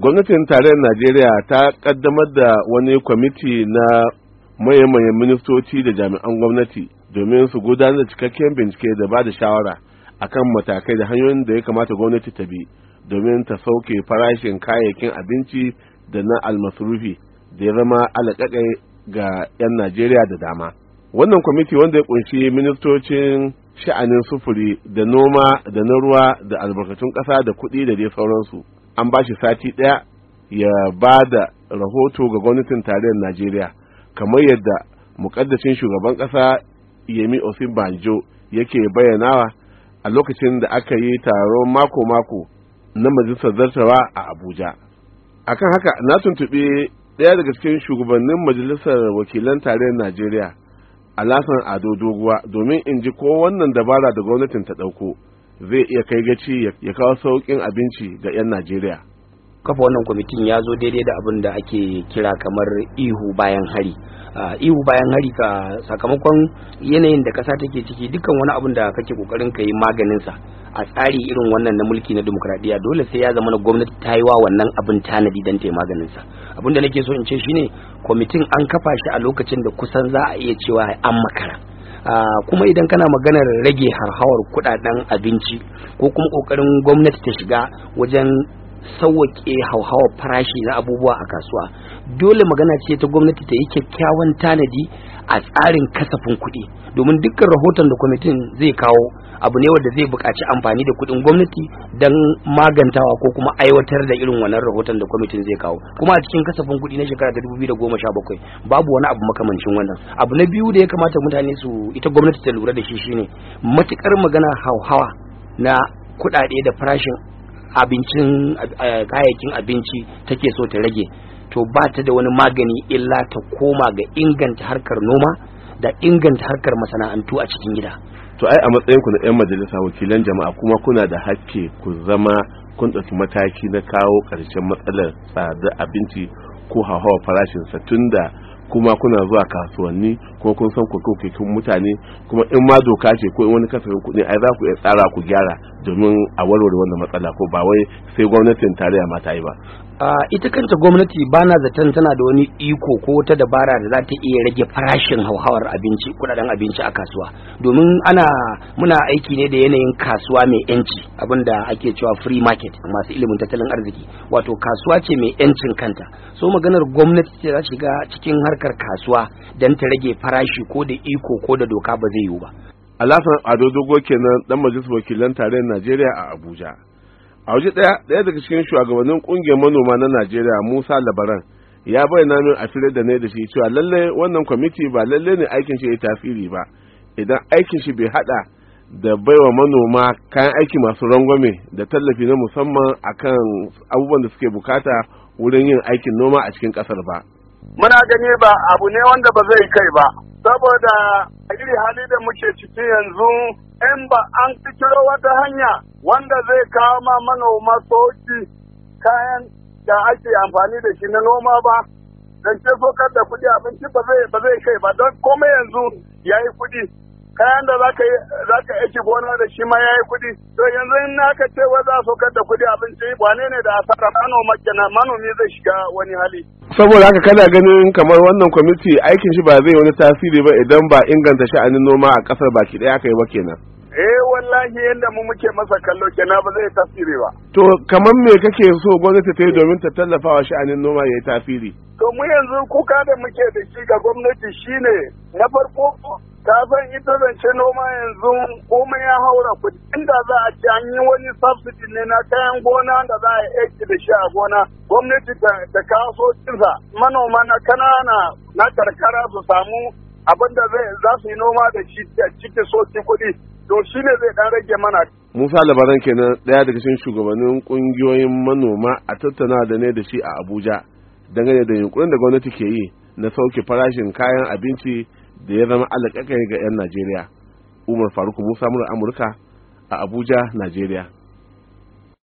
gwamnatin tarayyar najeriya ta kaddamar da wani kwamiti na maye-maye ministoci da jami'an gwamnati domin su gudanar da cikakken bincike da ba da shawara a kan matakai da hanyoyin da ya kamata gwamnati ta bi domin ta sauke farashin kayayyakin abinci da na almasurufi da ya zama alaƙaƙai ga 'yan najeriya da dama wannan kwamiti wanda ya kunshi ministocin sha'anin sufuri da noma da na ruwa da albarkatun ƙasa da kuɗi da dai sauransu an ba shi sati ɗaya ya ba da rahoto ga gwamnatin tarayyar najeriya kamar yadda mukaddashin shugaban ƙasa yemi osinbanjo yake bayyanawa a lokacin da aka yi taron mako-mako na majalisar zartawa a abuja akan haka na tuntuɓe ɗaya daga cikin shugabannin majalisar wakilan tarayyar najeriya alasan ado doguwa domin in ji ko wannan dabara da gwamnatin ta ɗauko zai iya kai gaci ya kawo sauƙin abinci ga 'yan najeriya kafa wannan kwamitin ya zo daidai da abin da ake kira kamar ihu bayan hari ah, ihu bayan hari ka sakamakon yanayin da kasa take ciki dukkan wani abin da kake kokarin ka yi maganinsa a tsari irin wannan na mulki na demokradiyya dole sai ya zama na gwamnati ta yi wa wannan abin tanadi don ta yi maganin abin da nake so in ce shine kwamitin an kafa shi a lokacin da kusan za a iya cewa an makara Ah, kuma idan kana maganar rage harhawar kudaden abinci ko kuma kokarin gwamnati ta shiga wajen sauwaƙe hauhawar farashi na abubuwa a kasuwa dole magana ce ta gwamnati ta yi kyakkyawan tanadi a tsarin kasafin kuɗi domin dukkan rahoton da kwamitin zai kawo abu ne wanda zai buƙaci amfani da kuɗin gwamnati don magantawa ko kuma aiwatar da irin wannan rahoton da kwamitin zai kawo kuma a cikin kasafin kuɗi na shekara ta 2017 babu wani abu makamancin wannan abu na biyu da ya kamata mutane su ita gwamnati ta lura da shi shine matukar magana hauhawa na kuɗaɗe da farashin abincin eh, kayayyakin abinci take so ta rage to ba ta da wani magani illa ta koma ga inganta harkar noma da inganta harkar masana'antu a cikin gida to ai a matsayinku na 'yan majalisa wakilan jama'a kuma kuna da hakki ku zama kun ɗauki mataki na kawo ƙarshen matsalar tsada abinci ko hauhawar farashinsa tun da kuma kuna zuwa kasuwanni ko kun san kun mutane kuma in ma doka ce ko in wani kasafin kuɗi ai za ku iya tsara ku gyara domin a warware wannan matsala ko ba wai sai gwamnatin tarayya ma ta yi ba A ita kanta gwamnati ba na zaton tana da wani iko ko wata dabara da za ta iya rage farashin hauhawar abinci kudaden abinci a kasuwa domin ana muna aiki ne da yanayin kasuwa mai yanci abinda ake cewa free market masu ilimin tattalin arziki wato kasuwa ce mai yancin kanta so maganar gwamnati ce za shiga cikin harkar kasuwa don ta rage farashi ko da iko ko da doka ba zai yiwu ba Alhassan ado dogo kenan dan majalisar wakilan tarayyar najeriya a abuja a waje ɗaya ɗaya daga cikin shugabannin ƙungiyar manoma na najeriya musa labaran ya bayyana min a fire da ne da shi cewa lalle wannan kwamiti ba lalle ne aikin shi ya tasiri ba idan aikin shi bai hada da baiwa manoma kayan aiki masu rangwame da tallafi na musamman akan abubuwan da suke bukata wurin yin aikin noma a cikin kasar ba muna gani ba abu ne wanda ba zai kai ba saboda a iri hali da muke ciki yanzu in ba an kiro wata hanya wanda zai kawo ma manoma soki kayan da ake amfani da shi na noma ba don ce sokar da kuɗi abinci ba zai kai ba don komai yanzu ya yi kuɗi kayan da zaka yi zaka aiki gona da shi ma yayi kuɗi to yanzu in ka ce wa za su da kuɗi abinci wane ne da asara manoma kenan manomi zai shiga wani hali saboda haka kana ganin kamar wannan kwamiti aikin shi ba zai wani tasiri ba idan ba inganta sha'anin noma a kasar baki ɗaya aka yi ba kenan eh wallahi yadda mu muke masa kallo kenan ba zai tasiri ba to kamar me kake so gwamnati ta yi domin ta tallafa wa sha'anin noma ya yi tasiri to mu yanzu kuka da muke da shi ga gwamnati shine na farko ka san ita zance noma yanzu komai ya haura kuɗi inda za a ci an yi wani subsidy ne na kayan gona da za a aiki da shi a gona gwamnati da kasuwancinsa manoma na kanana na karkara su samu abin da za su yi noma da shi a cikin soci kuɗi to shi ne zai dan rage mana Musa labaran kenan daya daga cikin shugabannin kungiyoyin manoma a tattauna da ne da shi a Abuja dangane da yunkurin da gwamnati ke yi na sauke farashin kayan abinci da ya zama alaƙaƙai ga 'yan najeriya umar faruk musa mura amurka a abuja najeriya